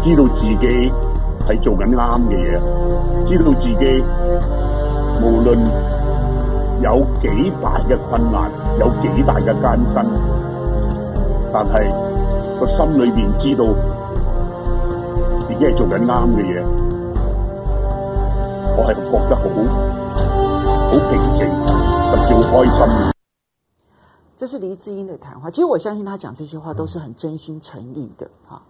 知道自己係做緊啱嘅嘢，知道自己無論有幾大嘅困難，有幾大嘅艱辛，但係個心裏邊知道自己係做緊啱嘅嘢，我係覺得好好平靜，就叫開心。這是黎智英的談話，其實我相信他講這些話都是很真心誠意的，哈、啊。